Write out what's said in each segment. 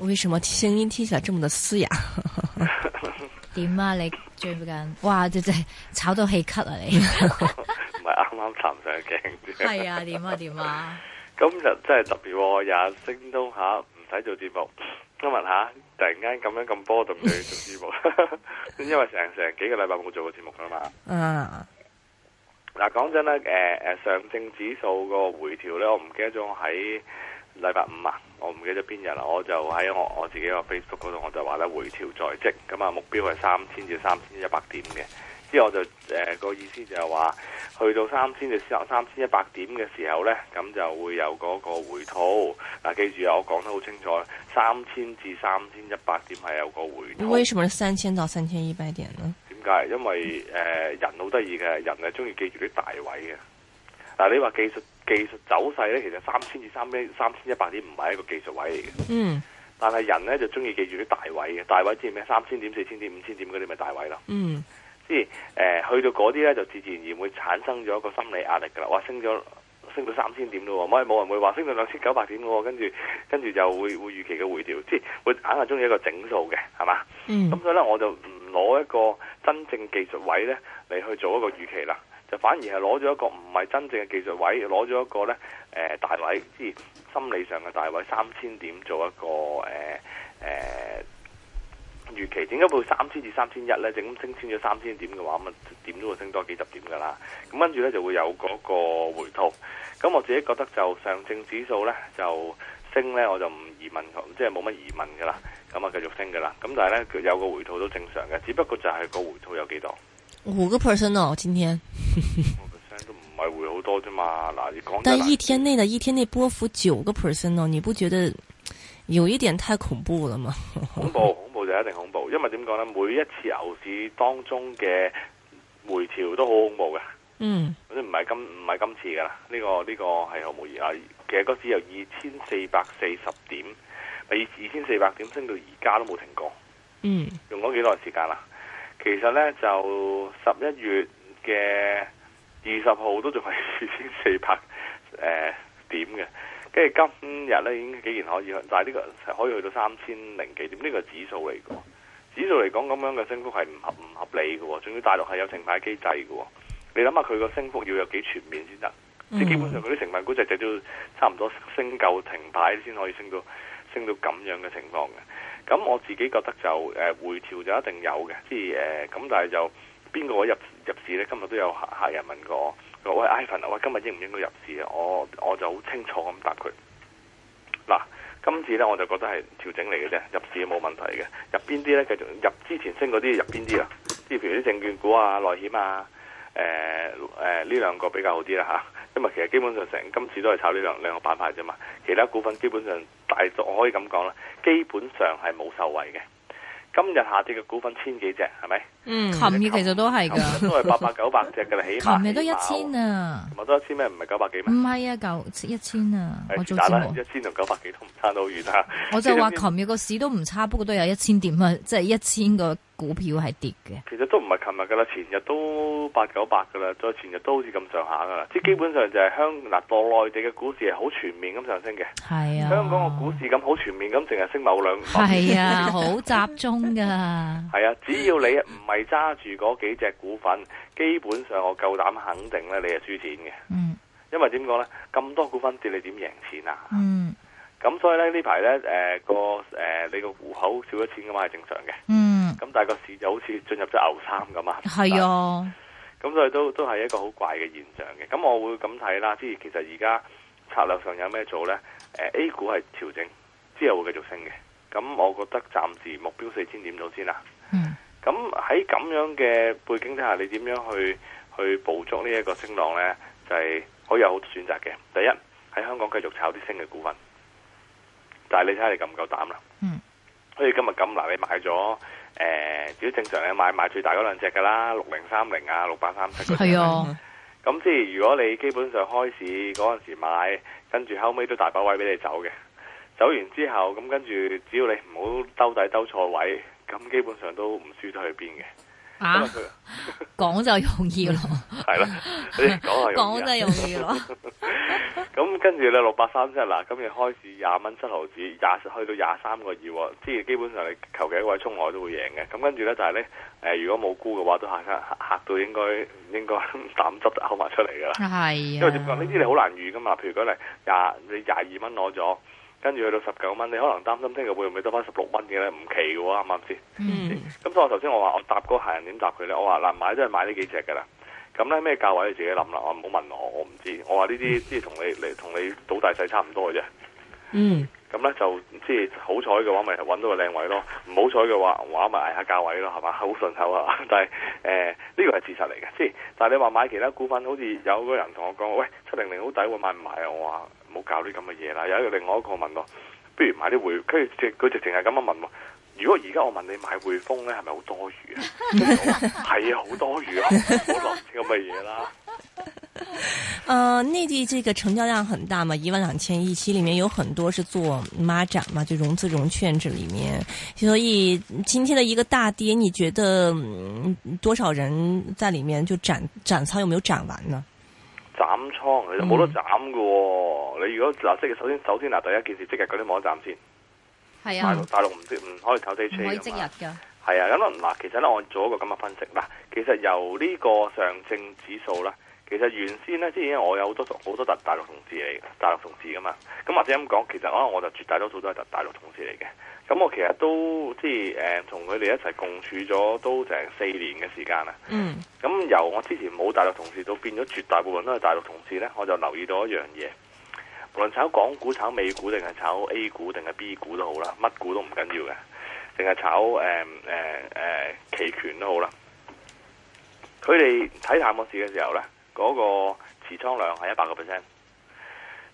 為什麼聲音聽起來這麼的嘶啞？點 啊，你最近哇，你真係炒到氣咳啊！你唔係啱啱談上鏡？係啊，點 啊，點啊！今日，啊、真係特別，日星都吓唔使做節目，今日吓突然間咁樣咁波動去做節目，因為成成幾個禮拜冇做過節目噶嘛。嗱，講真啦，誒誒，上證指數個回調咧，我唔記得咗喺禮拜五啊，我唔記得邊日啦，我就喺我我自己個 Facebook 嗰度，我就話咧，回調在即，咁啊目標係三千至三千一百點嘅，之後就誒、呃那個意思就係話，去到三千至三三千一百點嘅時候呢，咁就會有嗰個，個回吐。嗱、啊，記住啊，我講得好清楚，三千至三千一百點係有個回吐。為什麼三千到三千一百點呢？點解？因為誒人好得意嘅，人係中意記住啲大位嘅。嗱、啊，你話技術？技術走勢咧，其實三千至三千三千一百點唔係一個技術位嚟嘅。嗯。但係人咧就中意記住啲大位嘅，大位知唔知咩？三千點、四千點、五千點嗰啲咪大位咯。嗯。即係誒，去到嗰啲咧就自自然然會產生咗一個心理壓力噶啦。哇，升咗升到三千點咯，冇冇人會話升到兩千九百點咯，跟住跟住就會會預期嘅回調。即係會硬係中意一個整數嘅，係嘛？咁、嗯、所以咧，我就唔攞一個真正技術位咧嚟去做一個預期啦。就反而係攞咗一個唔係真正嘅技術位，攞咗一個呢誒、呃、大位，即係心理上嘅大位，三千點做一個誒誒、呃呃、預期。點解會三千至三千一呢？正咁升穿咗三千點嘅話，咁點都會升多幾十點噶啦。咁跟住呢就會有嗰個回吐。咁我自己覺得就上證指數呢就升呢，我就唔疑問，即係冇乜疑問噶啦。咁啊繼續升噶啦。咁但係呢，有個回吐都正常嘅，只不過就係個回吐有幾多。五個 percent 今天， 但一天內的一天內波幅九個 percent 你不覺得有一點太恐怖了嗎？恐怖，恐怖就一定恐怖，因為點講呢？每一次牛市當中嘅回調都好恐怖嘅。嗯，嗰啲唔係今唔係今次噶啦，呢個呢個係毫無疑義。其實嗰時由二千四百四十點，二千四百點升到而家都冇停過。嗯，用咗幾耐時間啦？其實咧就十一月嘅二十號都仲係四千四百誒點嘅，跟住今日咧已經竟然可以去，但係呢個係可以去到三千零幾點，呢個指數嚟嘅。指數嚟講咁樣嘅升幅係唔合唔合理嘅、哦。仲要大陸係有停牌機制嘅、哦，你諗下佢個升幅要有幾全面先得？即、嗯、基本上佢啲成分股就都差唔多升夠停牌先可以升到升到咁樣嘅情況嘅。咁我自己覺得就誒、呃、回調就一定有嘅，即係誒咁，但係就邊個入入市咧？今日都有客人問過我喂 Ivan 啊，喂今日應唔應該入市啊？我我就好清楚咁答佢。嗱，今次咧我就覺得係調整嚟嘅啫，入市冇問題嘅，入邊啲咧繼續入之前升嗰啲入邊啲啦即係譬如啲證券股啊、內險啊、誒誒呢兩個比較好啲啦嚇因為其實基本上成今次都係炒呢兩兩個板塊啫嘛，其他股份基本上大作我可以咁講啦，基本上係冇受惠嘅。今日下跌嘅股份千幾隻係咪？嗯，琴日其實都係噶，都係八百九百隻噶啦，起碼都一千啊。冇多一千咩？唔係九百幾咩？唔係啊，夠一千啊。我做打一千同九百幾都唔差到好遠啊。我就話琴日個市都唔差，不過都有一千點啊，即係一千個。股票係跌嘅，其實都唔係琴日噶啦，前日都八九百噶啦，再前日都好似咁上下噶啦，即係基本上就係香港，當內地嘅股市係好全面咁上升嘅，係啊，香港個股市咁好全面咁，淨係升某兩係啊，好集中噶係 啊。只要你唔係揸住嗰幾隻股份， 基本上我夠膽肯定咧，你係輸錢嘅。嗯，因為點講咧，咁多股份跌，你點贏錢啊？嗯，咁所以咧呢排咧誒個誒、呃、你個戶口少咗錢噶嘛，係正常嘅。嗯。咁但係個市就好似進入咗牛三咁啊！係啊，咁所以都都係一個好怪嘅現象嘅。咁我會咁睇啦，即係其實而家策略上有咩做呢、呃、A 股係調整之後會繼續升嘅。咁我覺得暫時目標四千點到先啦。咁喺咁樣嘅背景底下，你點樣去去捕捉呢一個升浪呢？就係、是、可以有好多選擇嘅。第一，喺香港繼續炒啲升嘅股份，但係你睇下你夠唔夠膽啦？嗯。好似今日咁嗱，你買咗。誒，只要、呃、正常你買買最大嗰兩隻噶啦，六零三零啊，六八三七。係啊，咁即係如果你基本上開市嗰陣時買，跟住後尾都大把位俾你走嘅，走完之後，咁跟住只要你唔好兜底兜錯位，咁基本上都唔輸得去邊嘅。啊，講就容易咯，係啦， 講係容易，講真容易咯。咁 跟住咧六百三啫嗱，今日開始廿蚊七毫紙，廿去到廿三個二，即係基本上你求其一個位沖我都會贏嘅。咁跟住咧就係、是、咧，誒、呃、如果冇估嘅話，都吓吓吓到應該應該膽汁就嘔埋出嚟噶啦。係、啊，因為點講呢啲你好難預噶嘛。譬如講嚟廿你廿二蚊攞咗。跟住去到十九蚊，你可能擔心聽日會唔會得返十六蚊嘅咧？唔奇嘅喎，啱唔啱先？Mm. 嗯。咁所以我頭先我話我答嗰個客人點答佢咧？我話嗱買都係買呢幾隻嘅啦。咁咧咩價位你自己諗啦，我唔好問我，我唔知。我話呢啲即係同你嚟同你賭大細差唔多嘅啫、mm. 嗯。嗯。咁咧就即係好彩嘅話，咪揾到個靚位咯；唔好彩嘅話，話咪捱下價位咯，係嘛？好順口啊，但係誒呢個係事實嚟嘅，即係但係你話買其他股份，好似有個人同我講，喂七零零好抵喎，會買唔買啊？我話。唔好搞啲咁嘅嘢啦！有一個另外一個我問我，不如買啲匯，佢佢淨係咁樣問我：如果而家我問你買匯豐咧，係咪好多餘啊？係啊， 好 多餘啊！好多啲咁嘅嘢啦。啊，內地這個成交量很大嘛，一萬兩千億，其裏面有很多是做孖展嘛，就融資融券，這裏面，所以今天的一個大跌，你覺得、嗯、多少人在裏面就斬斬倉，有沒有斬完呢？空倉，嗯、你冇得斬喎，哦。你如果嗱，即係首先首先嗱，第一件事即日嗰啲網站先。係啊，大陸大陸唔知唔可以炒低車唔可以即日㗎。係啊，咁嗱，其實咧我做一個咁嘅分析嗱，其實由呢個上證指數啦。其實原先呢，即係我有好多好多大大陸同事嚟，大陸同事㗎嘛。咁或者咁講，其實可能我就絕大多數都係大大陸同事嚟嘅。咁我其實都即係誒，同佢哋一齊共處咗都成四年嘅時間啦。咁、嗯、由我之前冇大陸同事到變咗絕大部分都係大陸同事呢，我就留意到一樣嘢。無論炒港股、炒美股定係炒 A 股定係 B 股都好啦，乜股都唔緊要嘅，淨係炒誒誒誒期權都好啦。佢哋睇淡市嘅時候呢，嗰個持倉量係一百個 percent，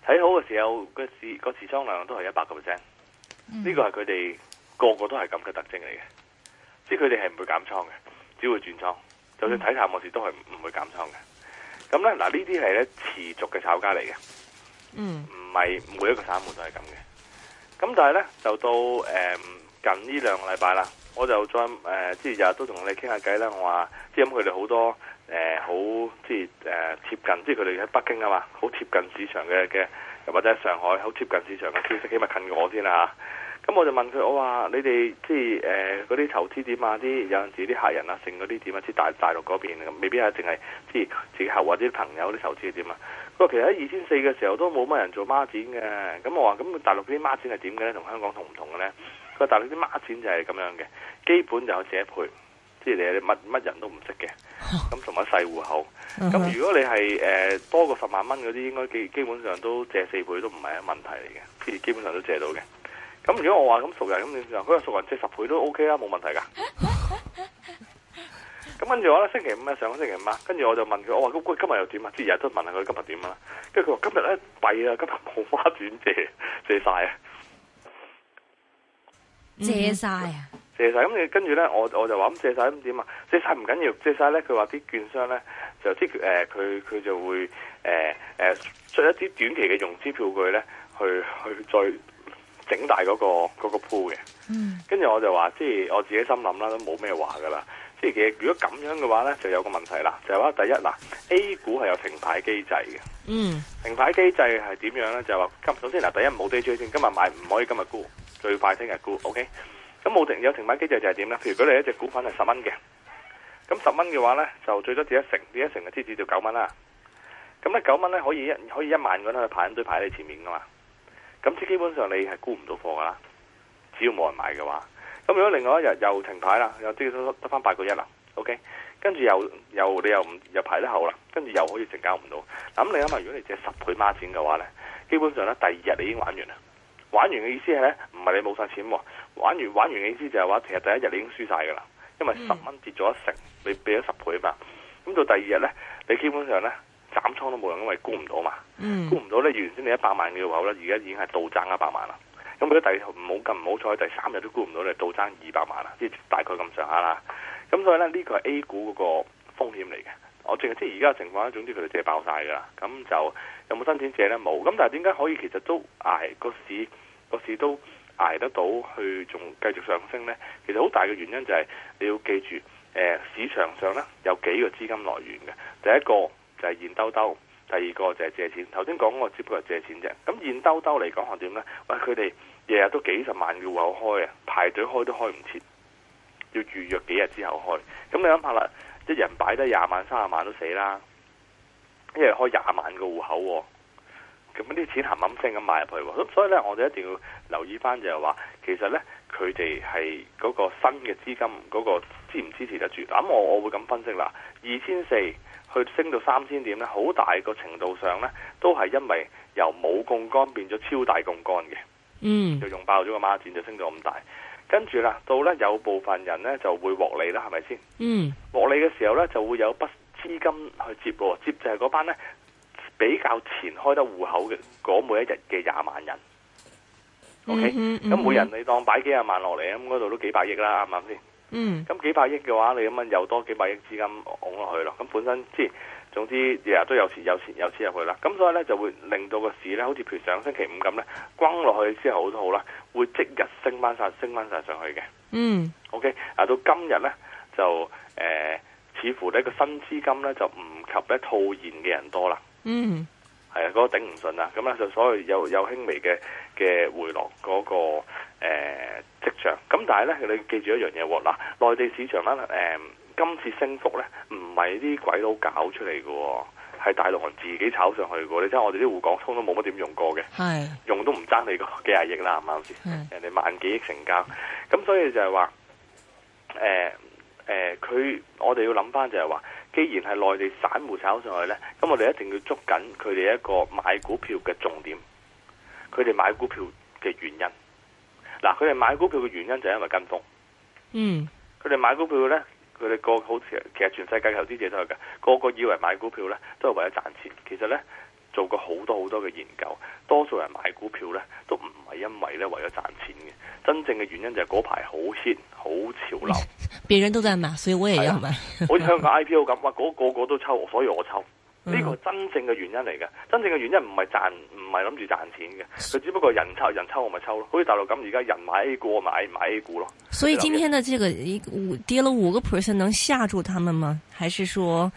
睇好嘅時候個持個持倉量都係一百個 percent，呢個係佢哋個個都係咁嘅特徵嚟嘅，即係佢哋係唔會減倉嘅，只會轉倉，就算睇淡嗰時都係唔唔會減倉嘅。咁咧嗱，呢啲係咧持續嘅炒家嚟嘅，嗯，唔係每一個散戶都係咁嘅。咁但係咧，就到誒近呢兩個禮拜啦，我就再誒即係日日都同你傾下偈啦。我話即係咁，佢哋好多。誒好即係誒貼近，即係佢哋喺北京啊嘛，好貼近市場嘅嘅，又或者上海，好貼近市場嘅消息，起碼近，近我先啦咁、啊、我就問佢，我話你哋即係誒嗰啲投資點啊？啲有陣時啲客人啊，剩嗰啲點啊？即大大陸嗰邊，未必係淨係即係自己客或者朋友啲投資點啊？佢話其實喺二千四嘅時候都冇乜人做孖展嘅。咁我話咁大陸啲孖展係點嘅咧？同香港同唔同嘅咧？佢話大陸啲孖展就係咁樣嘅，基本就有折配。乜乜人都唔識嘅，咁同埋細戶口。咁如果你係誒、呃、多過十萬蚊嗰啲，應該基基本上都借四倍都唔係一個問題嚟嘅，基基本上都借到嘅。咁如果我話咁熟人，咁點算啊？嗰個熟人借十倍都 OK 啦，冇問題噶。咁跟住我咧，星期五啊，上個星期五啊，跟住我就問佢，我話：今今日又點啊？即係日日都問下佢今日點啊？跟住佢話：今日咧弊啊，今日冇花錢借，借晒啊，借晒、嗯。啊！ 借晒咁，你跟住咧，我我就話咁借晒。咁點啊？借晒唔緊要，借晒咧，佢話啲券商咧就啲誒，佢、呃、佢就會誒誒、呃呃、出一啲短期嘅融資票據咧，去去再整大嗰、個嗰個 pool 嘅。嗰個、嗯，跟住我就話，即係我自己心諗啦，都冇咩話噶啦。即係其實如果咁樣嘅話咧，就有個問題啦，就係話第一嗱，A 股係有停牌機制嘅。嗯，停牌機制係點樣咧？就話今首先嗱，第一冇 day trade 先，今日買唔可以今日沽，最快聽日沽，OK。咁冇停有停牌機制就係點呢？譬如果你一隻股份係十蚊嘅，咁十蚊嘅話呢，就最多跌一成，跌一成就支至到九蚊啦。咁呢九蚊呢，可以一可以一萬嗰度排緊隊，排喺你前面噶嘛？咁即基本上你係沽唔到貨噶啦，只要冇人買嘅話。咁如果另外一日又停牌啦，又跌得得翻八個一啦，OK，跟住又又你又又，又排得後啦，跟住又可以成交唔到。咁你諗下，如果你借十倍孖錢嘅話呢，基本上呢，第二日你已經玩完啦。玩完嘅意思係呢，唔係你冇晒錢。玩完玩完嘅意思就係話，其實第一日你已經輸晒噶啦，因為十蚊跌咗一成，你俾咗十倍啊嘛。咁到第二日咧，你基本上咧，斬倉都冇用，因為估唔到嘛。估唔到咧，原先你一百萬嘅話咧，而家已經係倒爭一百萬啦。咁如果第二日唔好咁唔好彩，第三日都估唔到你倒爭二百萬啦，即係大概咁上下啦。咁所以咧，呢個係 A 股嗰個風險嚟嘅。我淨係即係而家嘅情況咧，總之佢哋借爆晒噶啦。咁就有冇新錢借咧？冇。咁但係點解可以其實都捱、哎、個市個市都？捱得到去仲繼續上升呢？其實好大嘅原因就係、是、你要記住，呃、市場上呢有幾個資金來源嘅。第一個就係現兜兜，第二個就係借錢。頭先講我只不過借錢啫。咁現兜兜嚟講係點呢？喂，佢哋日日都幾十萬嘅戶口開啊，排隊開都開唔切，要預約幾日之後開。咁你諗下啦，一人擺得廿萬、三十萬都死啦，一日開廿萬個戶口喎。咁啲錢冚冚聲咁買入去喎，咁所以咧，我哋一定要留意翻、就是，就係話其實咧，佢哋係嗰個新嘅資金，嗰個支唔支持得住？咁我我會咁分析啦，二千四去升到三千點咧，好大個程度上咧，都係因為由冇槓杆變咗超大槓杆嘅，嗯，mm. 就用爆咗個孖展就升到咁大，跟住啦，到咧有部分人咧就會獲利啦，係咪先？嗯，mm. 獲利嘅時候咧就會有筆資金去接喎，接就係嗰班咧。比較前開得戶口嘅嗰每一日嘅廿萬人，OK，咁、嗯嗯嗯、每人你當擺幾廿萬落嚟，咁嗰度都幾百億啦，啱唔啱先？嗯，咁幾百億嘅話，你咁樣又多幾百億資金㧬落去咯，咁本身即係總之日日都有錢，有錢有錢入去啦，咁所以咧就會令到個市咧好似譬如上星期五咁咧，轟落去之後好都好啦，會即日升翻晒，升翻晒上去嘅。嗯，OK，啊到今日咧就誒、呃，似乎呢個新資金咧就唔及咧套現嘅人多啦。嗯，係啊，mm，嗰，hmm. 那個頂唔順啦，咁咧就所以有有輕微嘅嘅回落嗰，那個誒跡象，咁，呃，但係咧你記住一樣嘢喎，嗱，內地市場咧誒、呃，今次升幅咧唔係啲鬼佬搞出嚟嘅，係大陸人自己炒上去嘅，你睇下我哋啲滬港通都冇乜點用過嘅，係的用都唔爭你個幾廿億啦，啱啱先？的人哋萬幾億成交，咁所以就係話，誒、呃、誒，佢，呃，我哋要諗翻就係話。既然係內地散戶炒上去呢，咁我哋一定要捉緊佢哋一個買股票嘅重點，佢哋買股票嘅原因，嗱，佢哋買股票嘅原因就係因為跟風。嗯，佢哋買股票呢，佢哋個好似其實全世界投資者都係嘅，個個以為買股票呢都係為咗賺錢，其實呢。做過好多好多嘅研究，多數人買股票咧都唔係因為咧為咗賺錢嘅，真正嘅原因就係嗰排好 hit 好潮流。別人都在買，所以我也要買。的 好似香港 IPO 咁，哇嗰個，個個都抽，所以我抽。呢個真正嘅原因嚟嘅，真正嘅原因唔係賺，唔係諗住賺錢嘅，佢只不過人抽人抽我咪抽咯。好似大陸咁，而家人買 A 股我買，買 A 股咯。所以今天的這個跌了五個 percent，能嚇住他們嗎？還是說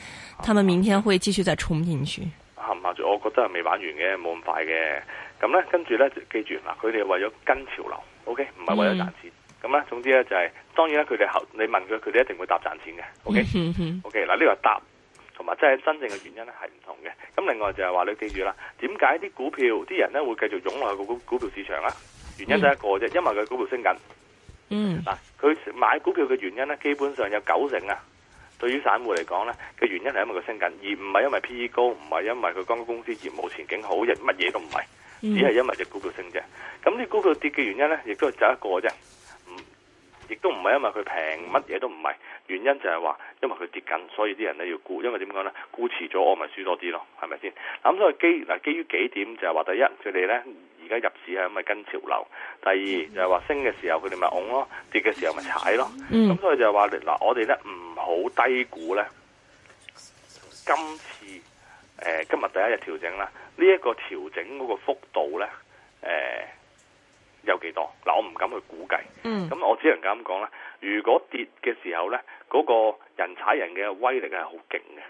他們明天會繼續再衝進去？我覺得係未玩完嘅，冇咁快嘅。咁呢，跟住呢，記住嗱，佢哋為咗跟潮流，OK，唔係為咗賺錢。咁呢，總之呢，就係、是，當然啦，佢哋後你問佢，佢哋一定會答賺錢嘅，OK，OK，嗱，呢個答同埋真係真正嘅原因呢係唔同嘅。咁另外就係話你記住啦，點解啲股票啲人呢會繼續湧落去股股票市場啦？原因得一個啫，mm. 因為佢股票升緊。嗯，嗱，佢買股票嘅原因呢，基本上有九成啊。對於散戶嚟講呢嘅原因係因為佢升緊，而唔係因為 PE 高，唔係因為佢剛公司業務前景好，亦乜嘢都唔係，只係因為隻股票升啫。咁呢股票跌嘅原因呢，亦都係就一個啫，亦都唔係因為佢平，乜嘢都唔係。原因就係話，因為佢跌緊，所以啲人呢要沽，因為點講呢？沽遲咗我咪輸多啲咯，係咪先？咁所以基於基於幾點就係話，第一佢哋呢。而家入市係咁，咪跟潮流。第二就係話升嘅時候佢哋咪拱咯，跌嘅時候咪踩咯。咁所以就話，嗱，我哋咧唔好低估咧今次誒，今日第一日調整啦。呢一個調整嗰個幅度咧，誒，有幾多？嗱，我唔敢去估計。嗯，咁我只能夠咁講啦，如果跌嘅時候咧，嗰個人踩人嘅威力係好勁嘅。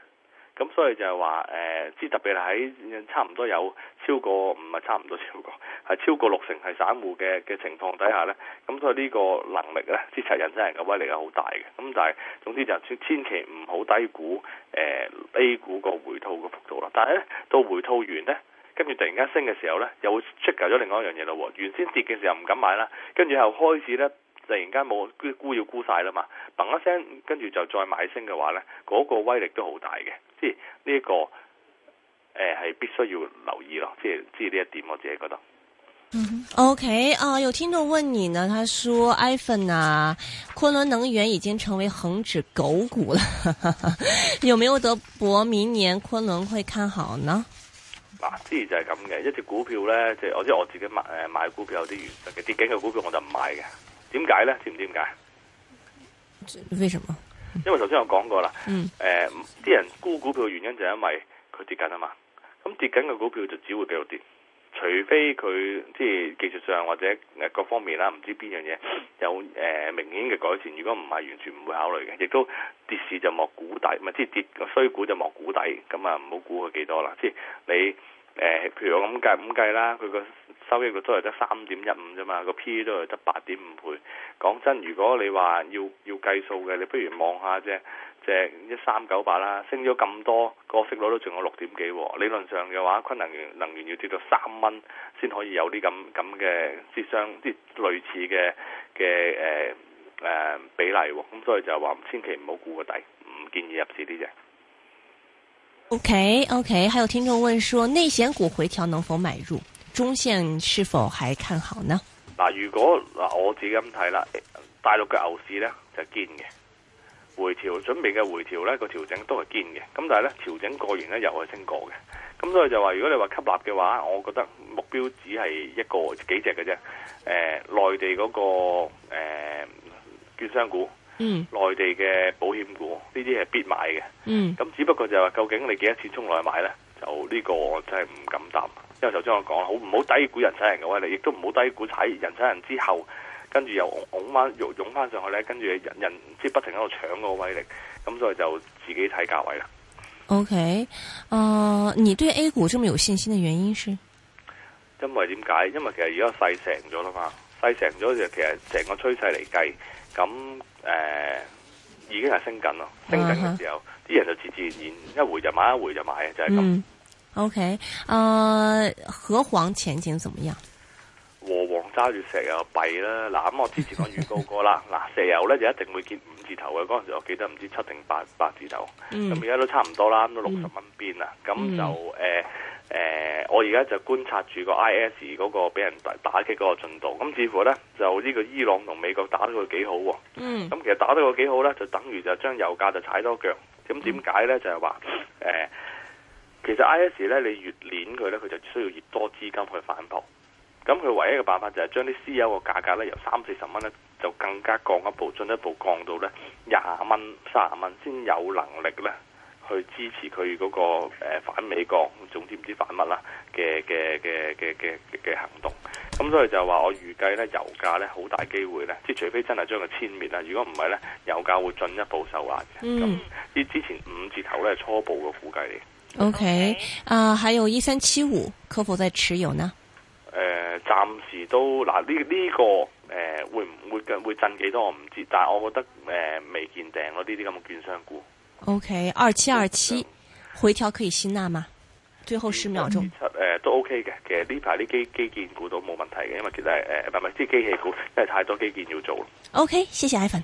咁所以就係話，誒、呃，之特別係喺差唔多有超過，唔係差唔多超過，係超過六成係散戶嘅嘅情況底下呢，咁所以呢個能力呢，支持人真係嘅威力係好大嘅。咁但係總之就千千祈唔好低估誒、呃、A 股個回吐嘅幅度啦。但係呢，到回吐完呢，跟住突然間升嘅時候呢，又會 check 咗另外一樣嘢咯喎。原先跌嘅時候唔敢買啦，跟住又開始呢。突然間冇啲沽要沽晒啦嘛，砰一聲，跟住就再買升嘅話咧，嗰、那個威力都好大嘅，即係呢一個誒係、呃、必須要留意咯，即係即係呢一點我自己覺得。嗯，OK，啊、呃，有聽眾問你呢，他說 iPhone 啊，昆侖能源已經成為恒指狗股啦，有沒有得博明年昆侖會看好呢？啊，之前就係咁嘅，一隻股票咧，即、就、係、是、我即係我自己買誒、呃、買的股票有啲原則嘅，跌緊嘅股票我就唔買嘅。點解咧？知唔知點解？為什麼？因為頭先我講過啦，誒、嗯，啲、呃、人沽股票嘅原因就係因為佢跌緊啊嘛，咁跌緊嘅股票就只會繼續跌，除非佢即係技術上或者誒各方面啦，唔知邊樣嘢有誒、呃、明顯嘅改善，如果唔係完全唔會考慮嘅，亦都跌市就莫估底，唔係即係跌衰股就莫估底，咁啊唔好估佢幾多啦，即係你。誒、呃，譬如我咁計，咁計啦，佢個收益率都係得三點一五啫嘛，個 PE 都係得八點五倍。講真，如果你話要要計數嘅，你不如望下啫，隻、就是、一三九八啦，升咗咁多，個息率都仲有六點幾喎、哦。理論上嘅話，昆能源能源要跌到三蚊先可以有啲咁咁嘅啲相，啲類似嘅嘅誒誒比例喎、哦。咁所以就話千祈唔好估個底，唔建議入市啲啫。OK，OK，okay, okay, 還有聽眾問說，內險股回調能否買入，中線是否還看好呢？嗱、就是，如果嗱，我自己咁睇啦，大陸嘅牛市咧就堅嘅，回調準備嘅回調咧個調整都係堅嘅，咁但係咧調整過完咧又係升過嘅，咁所以就話如果你話吸納嘅話，我覺得目標只係一個幾隻嘅啫，誒、呃，內地嗰、那個誒券、呃、商股。內、嗯、地嘅保險股呢啲係必買嘅，咁、嗯、只不過就話究竟你幾多錢衝落去買咧？就呢個真係唔敢答，因為頭先我講好唔好低估人踩人嘅威力，亦都唔好低估踩人踩人之後，跟住又拱翻又湧翻上去咧，跟住人人即係、就是、不停喺度搶個威力，咁所以就自己睇價位啦。OK，誒、呃，你對 A 股這麼有信心嘅原因是？因為點解？因為其實如果細成咗啦嘛，細成咗就其實成個趨勢嚟計。咁誒、嗯嗯、已經係升緊咯，升緊嘅時候，啲人就自自然然一回就買，一回就買，就係、是、咁。O K，誒，和、okay. 黃、呃、前景怎麼樣？和黃揸住石油幣啦，嗱、啊、咁我之前我預告過啦，嗱、啊、石油咧、嗯嗯、就一定會見五字頭嘅，嗰陣時我記得唔知七定八八字頭，咁而家都差唔多啦，都六十蚊邊啦，咁就誒。嗯誒、呃，我而家就觀察住個 I S 嗰個俾人打打擊嗰個進度，咁似乎呢，就呢個伊朗同美國打得佢幾好喎、啊。嗯。咁其實打得佢幾好呢，就等於就將油價就踩多腳。咁點解呢？嗯、就係話、呃、其實 I S 呢，你越攆佢呢，佢就需要越多資金去反撲。咁佢唯一嘅辦法就係將啲 C O 個價格呢，由三四十蚊呢，就更加降一步，進一步降到呢廿蚊、三十蚊先有能力呢。去支持佢嗰、那個、呃、反美國，總之唔知反乜啦嘅嘅嘅嘅嘅嘅行動。咁所以就話我預計咧，油價咧好大機會咧，即係除非真係將佢殲滅啦。如果唔係咧，油價會進一步受壓嘅。咁、嗯，啲之前五字頭咧，初步嘅估計嚟嘅。O、okay, K. 啊，還有一三七五，可否再持有呢？誒、呃，暫時都嗱呢呢個誒、呃、會唔會會震幾多我唔知，但係我覺得誒、呃、未見頂咯，呢啲咁嘅券商股。O K，二七二七，回調可以吸納嗎？最後十秒鐘。誒，都 O K 嘅。其實呢排啲基基建股都冇問題嘅，因為其實誒，唔係唔係，即係機械股，真係太多基建要做。O K，謝謝 Ivan。